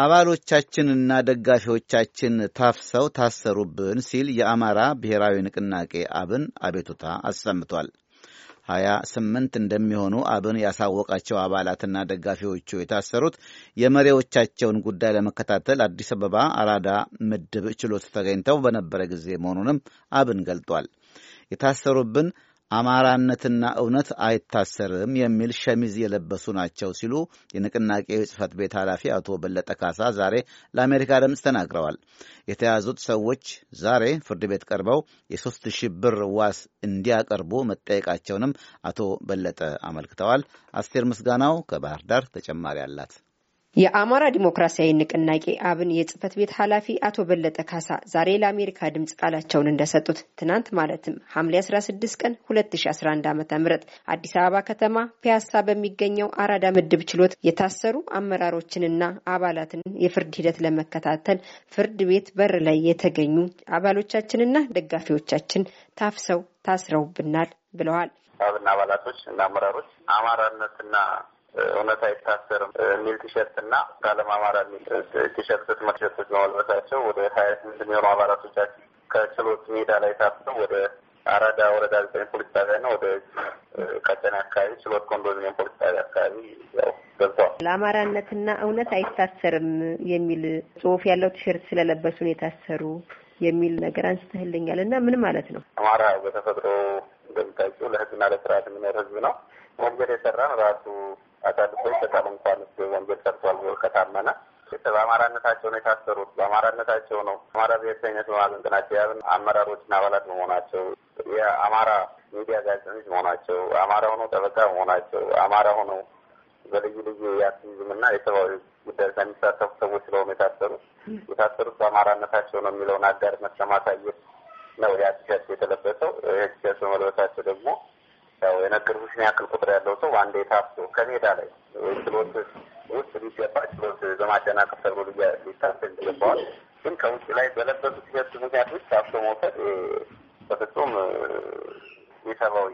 አባሎቻችንና ደጋፊዎቻችን ታፍሰው ታሰሩብን ሲል የአማራ ብሔራዊ ንቅናቄ አብን አቤቱታ አሰምቷል። ሀያ ስምንት እንደሚሆኑ አብን ያሳወቃቸው አባላትና ደጋፊዎቹ የታሰሩት የመሪዎቻቸውን ጉዳይ ለመከታተል አዲስ አበባ አራዳ ምድብ ችሎት ተገኝተው በነበረ ጊዜ መሆኑንም አብን ገልጧል። የታሰሩብን አማራነትና እውነት አይታሰርም የሚል ሸሚዝ የለበሱ ናቸው ሲሉ የንቅናቄው ጽህፈት ቤት ኃላፊ አቶ በለጠ ካሳ ዛሬ ለአሜሪካ ድምፅ ተናግረዋል። የተያዙት ሰዎች ዛሬ ፍርድ ቤት ቀርበው የሶስት ሺህ ብር ዋስ እንዲያቀርቡ መጠየቃቸውንም አቶ በለጠ አመልክተዋል። አስቴር ምስጋናው ከባህር ዳር ተጨማሪ አላት። የአማራ ዲሞክራሲያዊ ንቅናቄ አብን የጽህፈት ቤት ኃላፊ አቶ በለጠ ካሳ ዛሬ ለአሜሪካ ድምፅ ቃላቸውን እንደሰጡት ትናንት ማለትም ሐምሌ 16 ቀን 2011 ዓ ም አዲስ አበባ ከተማ ፒያሳ በሚገኘው አራዳ ምድብ ችሎት የታሰሩ አመራሮችንና አባላትን የፍርድ ሂደት ለመከታተል ፍርድ ቤት በር ላይ የተገኙ አባሎቻችንና ደጋፊዎቻችን ታፍሰው ታስረውብናል ብለዋል። አብን አባላቶች እና አመራሮች አማራነትና እውነት አይታሰርም የሚል ቲሸርት እና ከአለም አማራ የሚል ቲሸርት ሸርቶች በመልበሳቸው ወደ ሀያ ስምንት የሚሆኑ አባላቶቻችን ከችሎት ሜዳ ላይ ታፍሰው ወደ አራዳ ወረዳ ዘጠኝ ፖሊስ ጣቢያ ጣቢያና ወደ ቀጨኔ አካባቢ ችሎት ኮንዶሚኒየም ፖሊስ ጣቢያ አካባቢ ያው ገብተዋል። ለአማራነትና እውነት አይታሰርም የሚል ጽሁፍ ያለው ቲሸርት ስለለበሱ ነው የታሰሩ የሚል ነገር አንስተህልኛል እና ምን ማለት ነው? አማራ በተፈጥሮ እንደምታውቂው ለህግና ለስርዓት የሚኖር ህዝብ ነው። ወንጀል የሰራ ራሱ አሳልፎ ይሰጣል። እንኳን ስ ወንጀል ሰርቷል ብሎ ከታመነ በአማራነታቸው ነው የታሰሩት። በአማራነታቸው ነው አማራ ብሔርተኝነት በማዘንጥናቸው ያብን አመራሮችና አባላት በመሆናቸው የአማራ ሚዲያ ጋዜጠኞች መሆናቸው አማራ ሆነው ጠበቃ መሆናቸው አማራ ሆነው በልዩ ልዩ የአክቲቪዝም የአክቲቪዝምና የሰብአዊ ጉዳይ ከሚሳተፉ ሰዎች ስለሆኑ የታሰሩት የታሰሩት በአማራነታቸው ነው የሚለውን አጋርነት ለማሳየት ነው ያ ቲሸርት የተለበሰው። ይህ ቲሸርት በመልበሳቸው ደግሞ ያው የነገርኩሽን ያክል ቁጥር ያለው ሰው አንዴ ታፍቶ ከሜዳ ላይ ችሎት ውስጥ ሊገባ ችሎት በማደናቀፍ ተብሎ ሊታሰብ ይገባዋል። ግን ከውጭ ላይ በለበሱ ቲሸርት ምክንያት ውስጥ ታፍቶ መውሰድ በፍጹም የሰብአዊ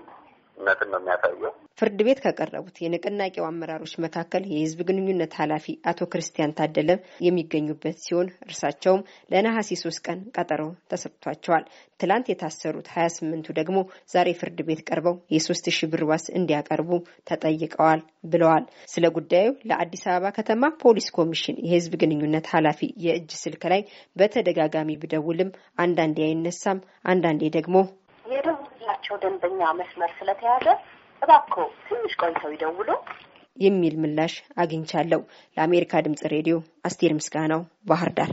ነትን ነው የሚያሳየው። ፍርድ ቤት ከቀረቡት የንቅናቄው አመራሮች መካከል የህዝብ ግንኙነት ኃላፊ አቶ ክርስቲያን ታደለ የሚገኙበት ሲሆን እርሳቸውም ለነሐሴ ሶስት ቀን ቀጠሮ ተሰጥቷቸዋል። ትላንት የታሰሩት ሀያ ስምንቱ ደግሞ ዛሬ ፍርድ ቤት ቀርበው የሶስት ሺህ ብር ዋስ እንዲያቀርቡ ተጠይቀዋል ብለዋል። ስለ ጉዳዩ ለአዲስ አበባ ከተማ ፖሊስ ኮሚሽን የህዝብ ግንኙነት ኃላፊ የእጅ ስልክ ላይ በተደጋጋሚ ብደውልም አንዳንዴ አይነሳም፣ አንዳንዴ ደግሞ ያላቸው ደንበኛ መስመር ስለተያዘ እባክዎ ትንሽ ቆይተው ይደውሉ የሚል ምላሽ አግኝቻለሁ። ለአሜሪካ ድምጽ ሬዲዮ አስቴር ምስጋናው ባህር ዳር